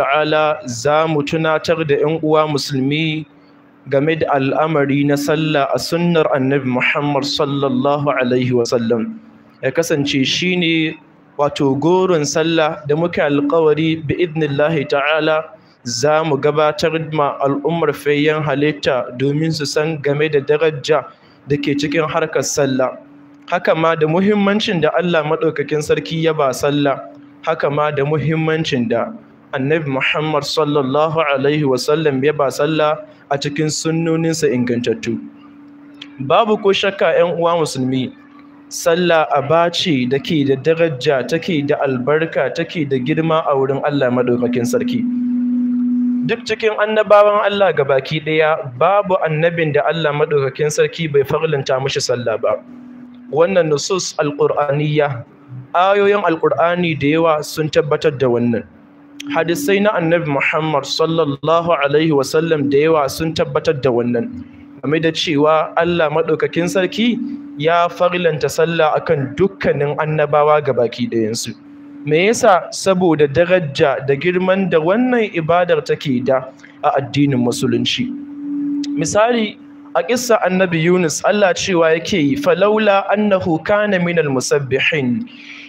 ta'ala za mu tunatar da 'yan uwa musulmi game da al'amari na sallah a sunnar annabi Muhammad sallallahu Alaihi wasallam ya kasance shi ne wato goron sallah da muke alkawari bi idnillahi ta'ala za mu gabatar ma al'ummar fayyan halitta domin su san game da daraja da ke cikin harkar sallah haka ma da muhimmancin da Allah maɗaukakin sarki ya ba sallah haka ma da muhimmancin da annabi Muhammad sallallahu Alaihi wasallam ya ba sallah a cikin sunnoninsa ingantattu. Babu ko shakka ‘yan uwa musulmi, sallah a da ke da daraja take da albarka take da girma a wurin Allah maɗaukakin sarki. Duk cikin annabawan Allah ga baki ɗaya babu annabin da Allah maɗaukakin sarki bai farlanta mashi sallah ba. Wannan nusus alƙur'aniyya, ayoyin Alqur'ani da yawa sun tabbatar da wannan. hadisai na annabi Muhammad sallallahu alaihi wasallam da yawa sun tabbatar da wannan game da cewa Allah maɗaukakin sarki ya farlanta sallah akan dukkanin annabawa ga baki ɗayansu me yasa saboda daraja da girman da wannan ibadar take da a addinin musulunci misali a kisa annabi Yunus Allah cewa yake yi falaula annahu kana minal musabbihin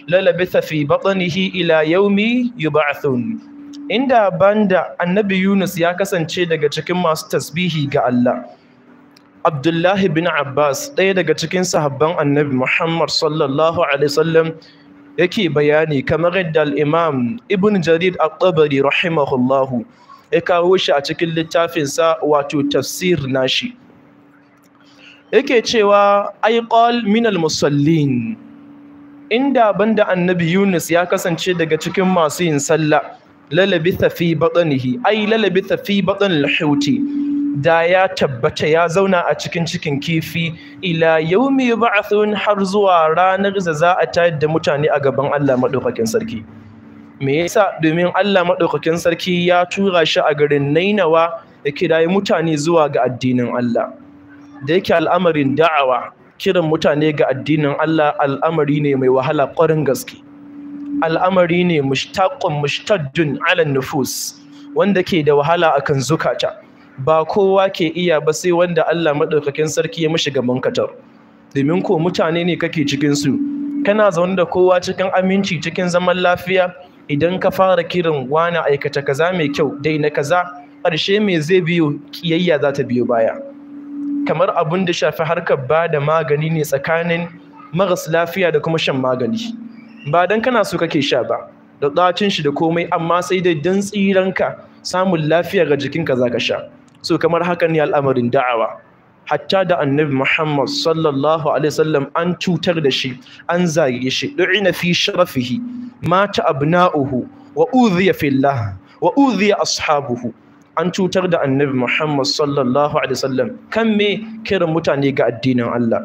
lalabisa fi batnihi ila yaumi yub'athun inda banda annabi Yunus ya kasance daga cikin masu tasbihi ga Allah Abdullahi bin Abbas ɗaya daga cikin sahabban annabi Muhammad sallallahu alaihi wasallam yake bayani kamar yadda al-Imam Ibn Jarir At-Tabari rahimahullahu ya kawo shi a cikin littafinsa wato tafsir nashi yake cewa aiqal min al-musallin inda banda annabi Yunus ya kasance daga cikin masu yin sallah lalabitha fi batnihi ai lalabitha fi batnil huti da ya tabbata ya zauna a cikin cikin kifi ila yaumi yub'athun har zuwa ranar da za a tayar da mutane a gaban Allah madaukakin sarki me yasa domin Allah madaukakin sarki ya tura shi a garin Nainawa da kirayi mutane zuwa ga addinin Allah da yake al'amarin da'awa kiran mutane ga addinin Allah al'amari ne mai wahala ƙwarin gaske al'amari ne mushtaqun mushtaddun ala nufus wanda ke da wahala akan zukata ba kowa ke iya ba sai wanda Allah madaukakin sarki ya mishi gaban katar domin ko mutane ne kake cikin su kana zaune da kowa cikin aminci cikin zaman lafiya idan ka fara kiran wani aikata kaza mai kyau dai na kaza ƙarshe mai zai biyo kiyayya za ta biyo baya kamar abun da shafi harkar ba da magani ne tsakanin maras lafiya da kuma shan magani ba dan kana so kake sha ba da ɗacin shi da komai amma sai dai don tsiranka samun lafiya ga jikinka za ka sha so kamar haka ne al'amarin da'awa hatta da annabi Muhammad sallallahu alaihi wasallam an cutar da shi an zage shi na fi sharafihi mata abna'uhu wa udhiya fillah wa udhiya ashabuhu an cutar da annabi Muhammad sallallahu alaihi wasallam kan me kiran mutane ga addinin Allah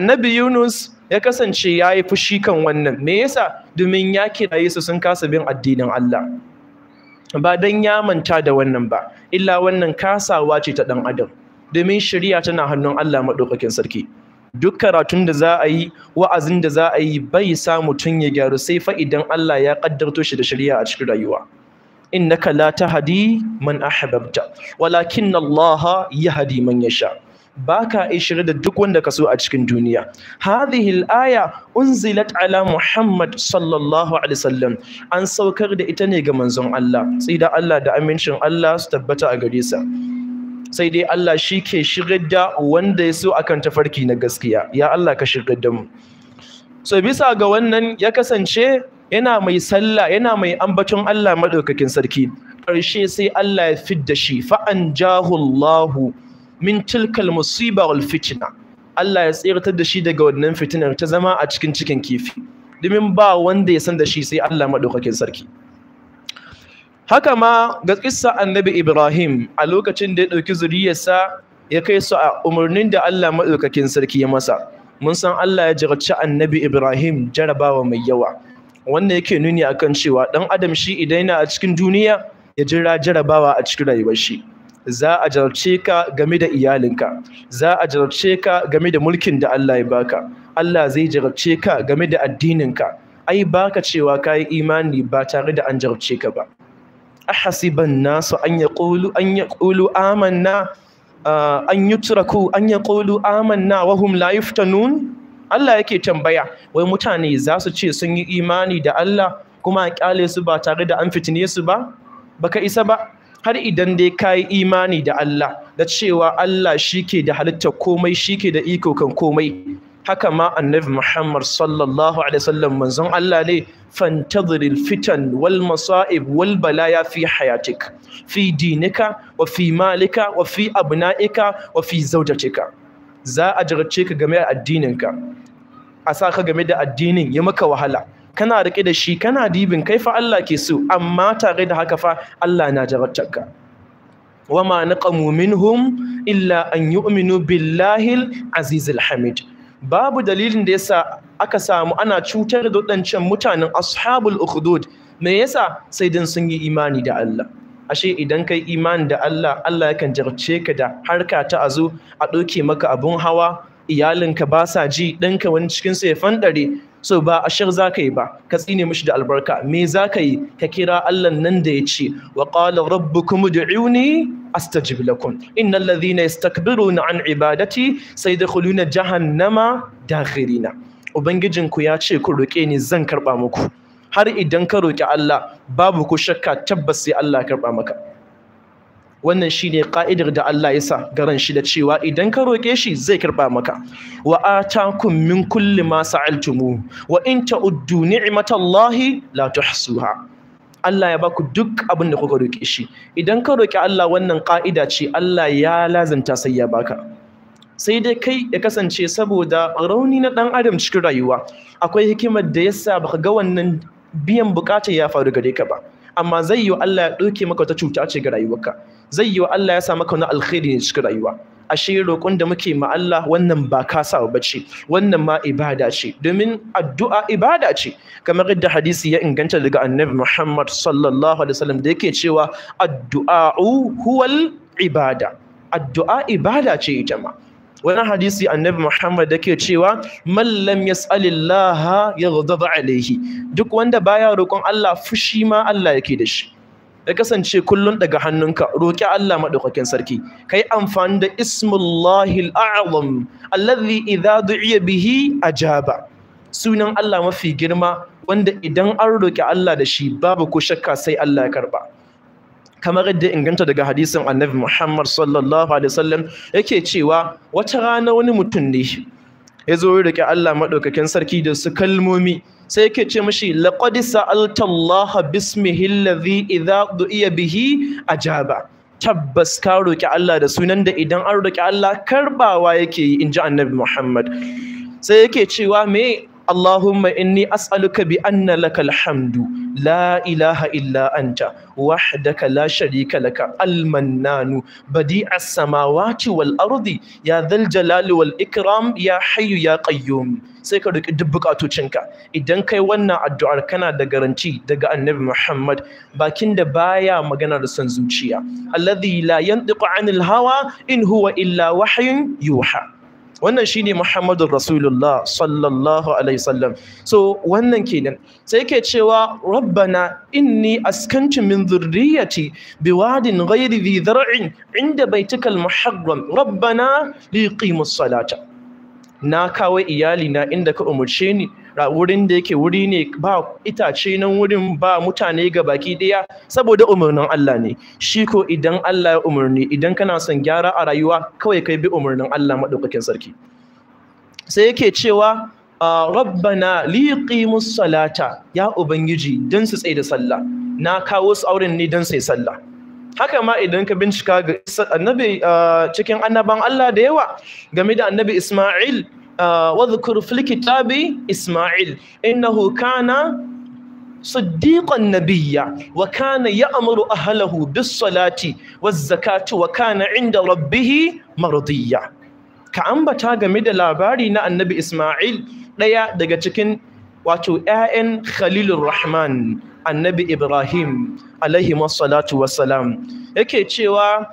annabi Yunus ya kasance ya yi fushi kan wannan me yasa domin ya kiraye su sun kasa bin addinin Allah ba dan ya manta da wannan ba illa wannan kasawa ce ta ɗan adam domin shari'a tana hannun Allah maɗaukakin sarki duk karatun da za a yi wa'azin da za a yi bai sa mutum ya gyaru sai fa idan Allah ya kaddarto shi da shari'a a cikin rayuwa innaka la tahdi man ahbabta walakin Allah hadi man ya yasha baka ishir da duk wanda ka so a cikin duniya hadhihi al-aya unzilat ala Muhammad sallallahu an saukar da ita ne ga manzon Allah Sida Allah da amincin Allah su tabbata a gare sai dai Allah shi ke shigar da wanda ya so akan tafarki na gaskiya ya Allah ka shigar da mu so bisa ga wannan ya kasance yana mai sallah yana mai ambaton Allah madaukakin sarki ƙarshe sai Allah ya fidda shi fa'an jahullahu, min tilkal musiba wal fitna Allah ya tsirtar da shi daga wannan fitinar ta zama a cikin cikin kifi domin ba wanda ya san da shi sai Allah madaukakin sarki haka ma ga kissa annabi Ibrahim a lokacin da ya dauki zuriyarsa ya kai su a umarnin da Allah madaukakin sarki ya masa mun san Allah ya jarabci annabi Ibrahim jarabawa mai yawa wanda yake nuni akan cewa dan adam shi idan yana a cikin duniya ya jira jarabawa a cikin rayuwar shi za a jarabce ka game da iyalinka za a jarabce ka game da mulkin da Allah ya baka Allah zai jarabce ka game da addininka ai baka cewa kayi imani ba tare da an jarabce ka ba ahasiban nasu an yaqulu an yaqulu amanna ah, an yutraku an yaqulu amanna wa hum la yuftanun Allah yake tambaya wai mutane za su ce sun yi imani da Allah kuma a ƙyale su ba tare da an fitine su ba baka isa ba har idan dai ka yi imani da Allah da cewa Allah shi ke da halitta komai shi ke da iko kan komai haka ma annabi Muhammad sallallahu alaihi wasallam manzon Allah ne fantadhiril fitan wal masa'ib wal balaya fi hayatik fi dinika wa fi malika wa fi abna'ika wa fi zawjatika za a jarabce ka game da addininka a sa ka game da addinin ya maka wahala kana riƙe da shi kana dibin kai fa Allah ke so amma tare da haka fa Allah na jarabtar ka wama naqamu minhum illa an yu'minu billahi azizil hamid babu dalilin da yasa aka samu ana cutar da waɗancan mutanen ashabul ukhdud me yasa sai dan sun yi imani da Allah ashe idan kai imani da Allah Allah yakan jarce ka da harka ta azu a ɗauke maka abun hawa iyalinka ba sa ji ɗanka wani cikin su ya fandare so ba ashir za ka yi ba ka tsine mishi da albarka me za ka yi ka kira Allah nan da ya ce wa qala rabbukum ud'uni astajib lakum innal ladhina yastakbiruna an ibadati sayadkhuluna jahannama dakhirina ubangijinku ya ce ku roke ni zan karba muku har idan ka roki Allah babu ko shakka tabbas sai Allah ya karba maka wannan shine ka'idar da Allah ya sa garan shi da cewa idan ka roke shi zai karɓa maka wa atakum min kulli ma sa'altumu wa in ta'uddu ni'matallahi la tuhsuha Allah ya baku duk abin da kuka roke shi idan ka roki Allah wannan ka'ida ce Allah ya lazanta sai ya baka sai dai kai ya kasance saboda rauni na ɗan adam cikin rayuwa akwai hikimar da yasa baka ga wannan biyan bukatar ya faru gare ka ba amma zai yi Allah ya ɗauke maka wata cuta ce ga rayuwarka zai yi Allah ya sa maka wani alkhairi ne cikin rayuwa ashe roƙon da muke ma Allah wannan ba sa ba ce wannan ma ibada ce domin addu'a ibada ce kamar yadda hadisi ya inganta daga annabi Muhammad sallallahu alaihi wasallam da yake cewa addu'a'u huwal ibada addu'a ibada ce ita wani hadisi annabi Muhammad yake cewa man ya yas'alillaha yaghdab alayhi duk wanda baya roƙon Allah fushi ma Allah yake da shi ya kasance kullum daga hannunka roƙi Allah maɗaukakin sarki yi amfani da ismullahil a'zam alladhi idza du'iya bihi ajaba sunan Allah mafi girma wanda idan an roƙi Allah da shi babu ko shakka sai Allah ya karba kamar yadda inganta daga hadisin annabi Muhammad sallallahu alaihi wasallam yake cewa wata rana wani mutum ne ya zo rike Allah madaukakin sarki da su kalmomi sai yake ce mashi laqad sa'alta Allah bismihi alladhi idha du'iya bihi ajaba tabbas ka roki Allah da sunan da idan an roki Allah karbawa yake yi inji annabi Muhammad sai yake cewa me Allahumma inni as'aluka bi anna laka alhamdu la ilaha illa anta wahdaka la sharika laka almannanu badi as-samawati wal ardi ya dhal jalal wal ikram ya hayyu ya qayyum sai ka duki dubu katocin ka idan kai wannan addu'ar kana da garanci daga annabi Muhammad bakin da baya maganar da san zuciya alladhi la yanthiqu hawa in huwa illa wahyun yuha wannan shine Muhammadu Rasulullah sallallahu alaihi wasallam so wannan kenan sai yake cewa rabbana inni askantu min dhurriyyati biwadin ghairi dhi dhar'in inda baitikal muharram rabbana liqimus salata na kawo iyalina inda ka umurce ni wurin da yake wuri ne ba itace nan wurin ba mutane ga baki daya saboda umarnin Allah ne shi ko idan Allah ya umarni idan kana son gyara a rayuwa kawai kai bi umarnin Allah maɗaukakin sarki sai yake cewa rabbana liqimus salata ya ubangiji dan su tsaye da sallah na kawo su auren ne dan sai sallah haka ma idan ka bincika ga annabi cikin annaban Allah da yawa game da annabi Isma'il wadhkur fil kitabi Isma'il innahu kana صديقا نبيا وكان يأمر أهله بالصلاة والزكاة وكان عند ربه مرضيا كأنبتا game da labari na Annabi Isma'il ɗaya daga cikin wato 'ya'yan Khalilur Rahman Annabi Ibrahim alaihi wassalatu wassalam yake cewa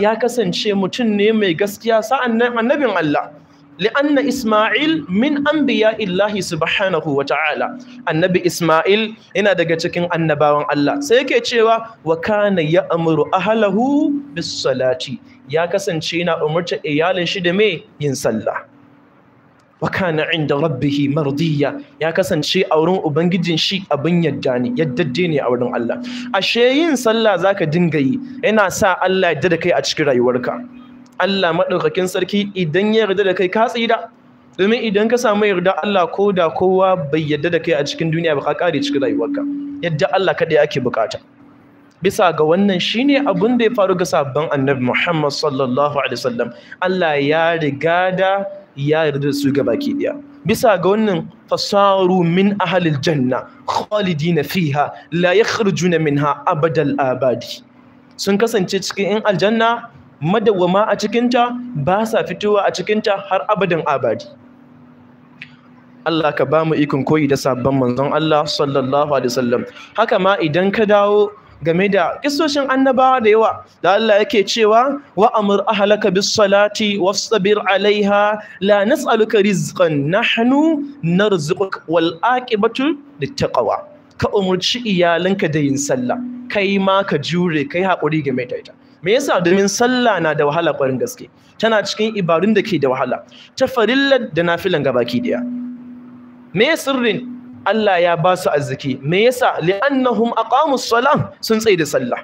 ya kasance mutum ne mai gaskiya sa'an annabin Allah li'anna Isma'il min an biya illahi subhanahu wa ta'ala annabi Isma'il yana daga cikin annabawan Allah sai yake cewa wa kana ya'muru ahlahu bis salati ya kasance yana umurta iyalin shi da me yin sallah wa kana inda rabbihi mardiya ya kasance a wurin ubangijin shi abin yadda ne yaddadde ne a wurin Allah ashe yin sallah zaka dinga yi yana sa Allah ya da kai a cikin rayuwarka Allah maɗaukakin sarki idan ya yarda da kai ka tsira domin idan ka samu yarda Allah ko da kowa bai yarda da kai a cikin duniya ba ka kare cikin rayuwarka yadda Allah kaɗai ake bukata bisa ga wannan shine abin da ya faru ga sabon annabi Muhammad sallallahu alaihi wasallam Allah ya riga da ya yarda da su ga baki daya bisa ga wannan fasaru min ahlil janna khalidina fiha la yakhrujuna minha abadal abadi sun kasance cikin in aljanna madawwama a cikinta ba sa fitowa a cikinta har abadin abadi Allah ka ba mu ikon koyi da sabon manzon Allah sallallahu alaihi wasallam haka ma idan ka dawo game da kisoshin annabawa da yawa da Allah yake cewa wa amur ahlaka bis salati wasbir alaiha la nas'aluka rizqan nahnu narzuquk wal aqibatu littaqwa ka umurci iyalanka da yin sallah kai ma ka jure kai hakuri game da ita me yasa domin sallah na da wahala kwarin gaske tana cikin ibadun da ke da wahala ta farillar da nafilan gabaki daya me sirrin Allah ya ba su arziki me yasa li'annahum aqamus salah sun tsaye da sallah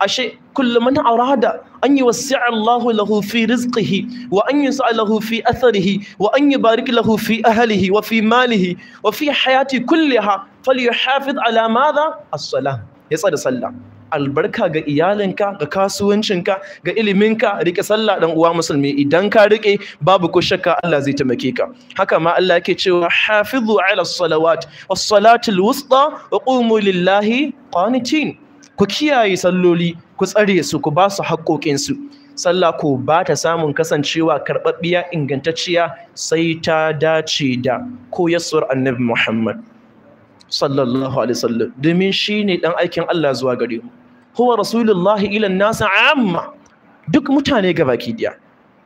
ashe kullu man arada an yuwassi Allahu lahu fi rizqihi wa an yus'alahu fi atharihi wa an yubarik lahu fi ahlihi wa fi malihi wa fi hayati kulliha falyuhafiz ala madha as-salah ya tsada sallah albarka ga iyalinka ga kasuwancinka ga iliminka rike sallah dan uwa musulmi idan ka rike babu ko shakka Allah zai taimake ka haka ma Allah yake cewa hafizu ala salawat was salatul wusta wa qumu lillahi qanitin ku kiyaye salloli ku tsare su ku ba su haƙoƙinsu sallah ko ba ta samun kasancewa karɓaɓɓiya ingantacciya sai ta dace da koyarwar annabi muhammad sallallahu alaihi wasallam domin shi ne ɗan aikin allah zuwa gare mu huwa rasulullahi ila nasa amma duk mutane gabaki daya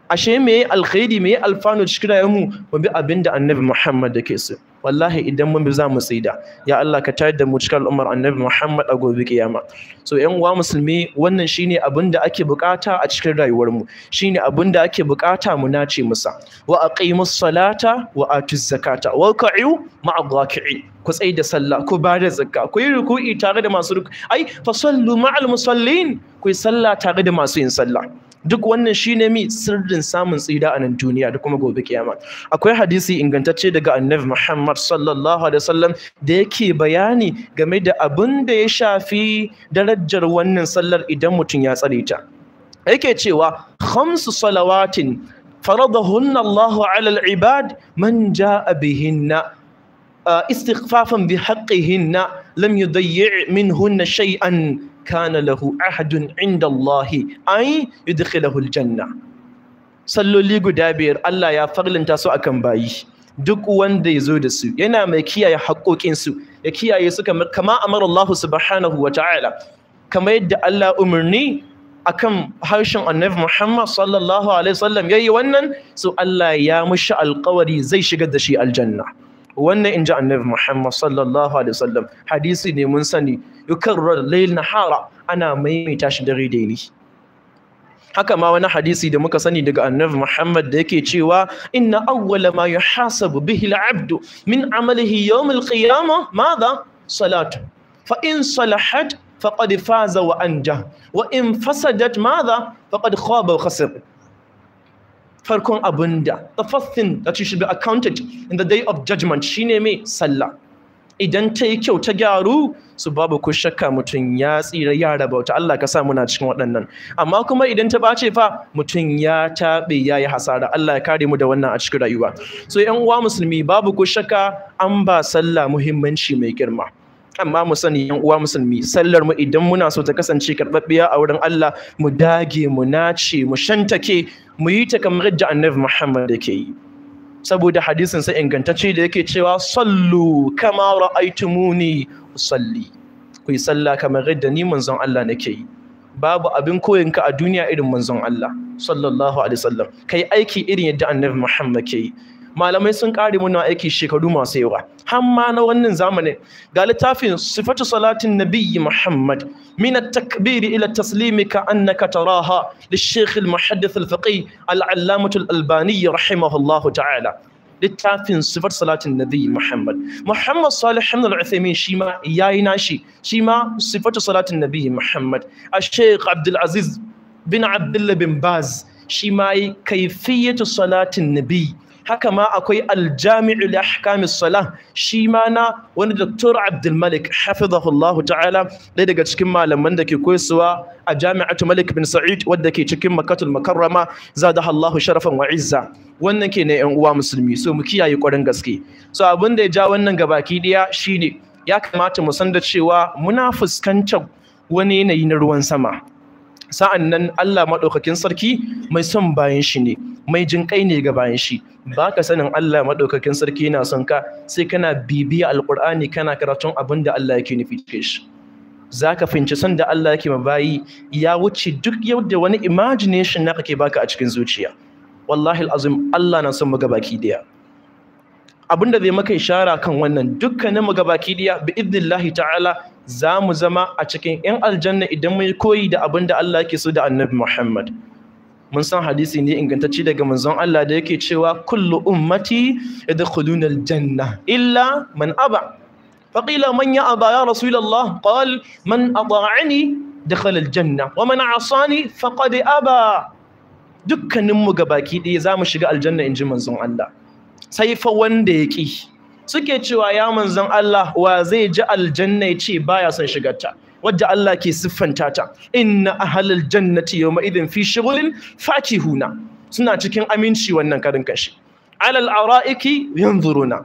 ashe me alkhairi me alfanu cikin rayuwar mu mu bi abinda annabi Muhammad yake so wallahi idan mun bi za mu tsida ya Allah ka tayar da mu cikin al'ummar annabi Muhammad a gobe kiyama so ƴan uwa musulmi wannan shine abin da ake bukata a cikin rayuwar mu shine abin da ake bukata mu nace musa wa aqimus salata wa atuz zakata wa qa'u ma'a dhaki'i ku tsai da sallah ku ba da zakka ku yi ruku'i tare da masu ruku ai fa sallu ma'al musallin ku yi sallah tare da masu yin sallah duk wannan shine mi sirrin samun tsira a nan duniya da kuma gobe kiyama akwai hadisi ingantacce daga annabi Muhammad sallallahu alaihi wasallam da yake bayani game da abin da ya shafi darajar wannan sallar idan mutum ya tsare ta yake cewa khamsu salawatin faradahunna allah ala al-ibad man jaa bihinna استخفافا بحقهن lam yudayyi minhunna shay'an kana lahu ahadun inda Allahi an yudkhilahu salloli guda biyar Allah ya farlinta su akan bayi duk wanda ya zo da su yana mai kiyaye haƙoƙinsu ya kiyaye su kama amara Allah subhanahu wa ta'ala kama yadda Allah umarni akan harshen annabi Muhammad sallallahu alaihi wasallam yayi wannan so Allah ya mushi alƙawari zai shigar da shi aljanna wannan inji annabi Muhammad sallallahu alaihi wasallam hadisi ne mun sani yukarrar layl nahara ana maimaita shi dare da yini haka ma wani hadisi da muka sani daga annabi Muhammad da yake cewa inna awwala ma yuhasabu bihi al-abdu min amalihi yawm al-qiyamah madha salatu fa in salahat faqad faza wa anja wa in fasadat madha faqad khaba wa khasir farkon abin da the first thing that you should be accounted in the day of judgment shine mai sallah idan ta yi kyau ta gyaru su babu ku shakka mutum ya tsira ya rabauta Allah ka sa muna cikin waɗannan amma kuma idan ta ɓace fa mutum ya taɓe ya yi hasara Allah ya kare mu da wannan a cikin rayuwa so yan uwa musulmi babu ku shakka an ba sallah muhimmanci mai girma amma mu sani yan uwa musulmi sallar mu idan muna so ta kasance karɓaɓɓiya a wurin Allah mu dage mu nace mu shantake mu yi ta kamar da annabi Muhammad yake yi saboda hadisin sa ingantacce da yake cewa sallu kama ra'aytumuni usalli ku yi sallah kamar yadda ni manzon Allah nake yi babu abin koyinka a duniya irin manzon Allah sallallahu alaihi wasallam kai aiki irin yadda annabi Muhammad yake yi malamai sun kare muna aiki shekaru masu yawa har ma na wannan zamanin ga littafin sifatu salatin nabiyyi muhammad min at-takbir ila taslimi ka annaka taraha lish-shaykh al-muhaddith al-faqih al-allamah al-albani rahimahullah ta'ala littafin sifar salatin nabi Muhammad. Muhammad Salih Hamdan Al-Uthaymin shima yayi nashi, shi ma sifatu salatin nabi Muhammad. Ash-Sheikh Abdul Aziz bin Abdullah bin Baz shima ma kaifiyatu salatin nabi haka ma akwai aljami'u li ahkamis salah shi ma na wani doktor Abdul Malik hafizahullahu ta'ala ɗaya daga cikin malaman da ke koyarwa a jami'atu Malik bin Sa'id wadda ke cikin Makkatul Mukarrama zadahallahu sharafan wa izza wannan ke ne yan uwa musulmi so mu kiyaye ƙwarin gaske so abin da ya ja wannan gabaki ɗaya shine ya kamata mu san da cewa muna fuskantar wani yanayi na ruwan sama sa'an nan Allah maɗaukakin sarki mai son bayan shi ne mai jinƙai ne ga bayan shi ba ka sanin Allah maɗaukakin sarki yana son ka sai kana bibiya alƙur'ani kana karatun abin da Allah yake nufi cikin shi za ka fahimci son da Allah yake bayi ya wuce duk yadda wani imagination na kake baka a cikin zuciya wallahi al'azim Allah na son mu gabaki daya abinda zai maka ishara kan wannan dukkanin mu gabaki daya bi idnillahi ta'ala za mu zama a cikin 'yan aljanna idan mai koyi da abin da Allah ke so da annabi Muhammad. Mun san hadisi ne ingantacci daga manzon Allah da yake cewa kullu ummati da yadkhuluna aljanna illa man aba. Faqila man ya aba ya Rasulullah ƙawal man da dakhala janna. wa man 'asani faqad aba. Dukkaninmu ga baki ɗaya za mu shiga aljanna in ji manzon Allah. Sai fa wanda ya ƙi. suke cewa ya manzon Allah wa zai ji aljanna ya ce baya son shigarta wadda Allah ke siffanta ta inna ahlal jannati yawma idin fi shughulin fakihuna suna cikin aminci wannan karin kashi alal araiki yanzuruna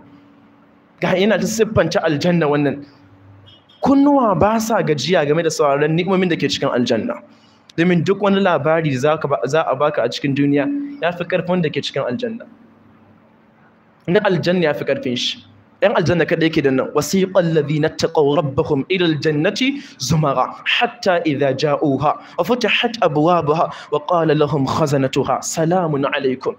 ga ina ta siffanta aljanna wannan kunnuwa ba sa gajiya game da sauraron ni'imomin da ke cikin aljanna domin duk wani labari za a baka a cikin duniya ya fi karfin da ke cikin aljanna na aljanna ya fi karfin shi yan aljanna kada yake da nan wasiqal ladhina taqaw rabbahum ila aljannati zumara hatta idha ja'uha wa futihat abwabuha wa qala lahum khazanatuha salamun alaikum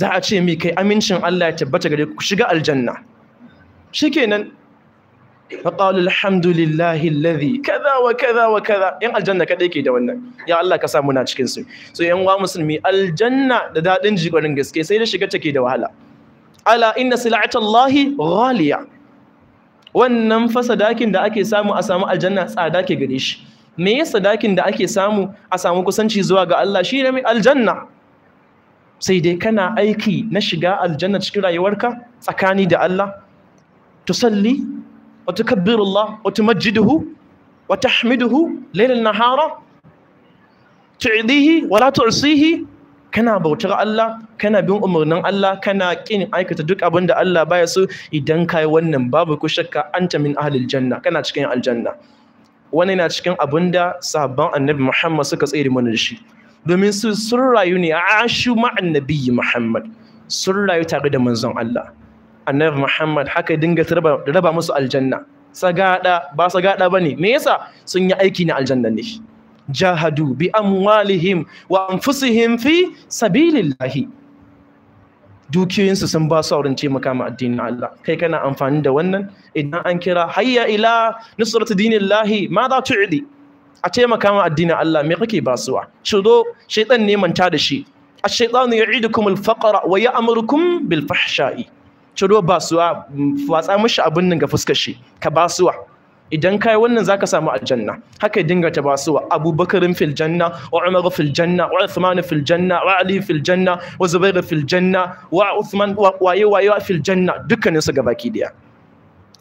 za a ce mi kai amincin Allah ya tabbata gare ku shiga aljanna shikenan فقالوا الحمد لله الذي كذا وكذا وكذا yan aljanna kadai ke da wannan ya Allah ka sa muna cikin su so yan wa musulmi aljanna da dadin jigorin gaske sai da shiga take da wahala ala inna sil'atallahi ghaliya wannan fa sadakin da ake samu a samu aljanna tsada ke gare shi me ya sadakin da ake samu a samu kusanci zuwa ga Allah shi ne aljanna sai dai kana aiki na shiga aljanna cikin rayuwarka tsakani da Allah tusalli wa tukabbirullah wa tumajjiduhu wa tahmiduhu laylan nahara tu'dihi wa la tu'sihi kana bautar Allah kana bin umarnin Allah kana kin aikata duk abin da Allah baya so idan kai wannan babu ku shakka anta min ahlil janna kana cikin aljanna wannan yana cikin abin da sahabban annabi Muhammad suka tsere mana da shi domin su sun rayu ne ashu ma'an nabiyyi Muhammad sun rayu tare da manzon Allah annabi Muhammad haka dinga raba musu aljanna sagada ba sagada bane me yasa sun yi aiki na aljanna ne jahadu bi amwalihim wa anfusihim fi sabilillahi dukiyoyinsu sun ba su taimaka ma addinin Allah kai kana amfani da wannan idan an kira hayya ila nusratu dinillahi ma za tu'di a taimaka ma addinin Allah me kake basuwa shido shaytan ne manta da shi ash-shaytanu ya'idukum al-faqra wa ya'murukum bil fahsha'i shido basuwa watsa mishi abin nan ga fuskar shi ka basuwa idan kai wannan zaka samu aljanna haka dinga tabasuwa basuwa abubakarin fil janna wa umar fil janna wa uthman fil janna wa ali fil janna wa zubair fil janna wa uthman wa waye waye fil janna dukkanin su gabaki daya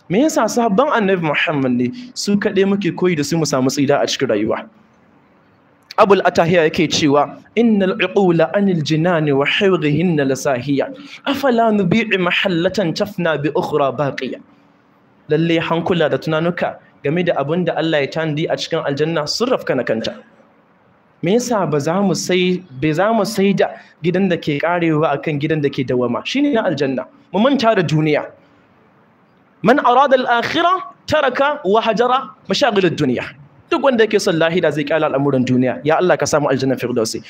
me yasa sahabban annabi muhammad ne su kaɗai muke koyi da su mu samu tsida a cikin rayuwa abul atahiya yake cewa innal uqula anil jinani wa hawrihin lasahiya afala nubi'i mahallatan tafna bi ukhra baƙiya. Lallai hankula da tunanuka game da abin da Allah ya tanadi a cikin aljanna sun na kanta me yasa ba za mu sai ba za mu sai da gidan da ke karewa akan gidan da ke dawama ne na aljanna mu manta da duniya man arada al taraka wa hajara mashaghil ad duk wanda yake son lahira zai kyala al'amuran duniya ya Allah ka samu aljanna firdausi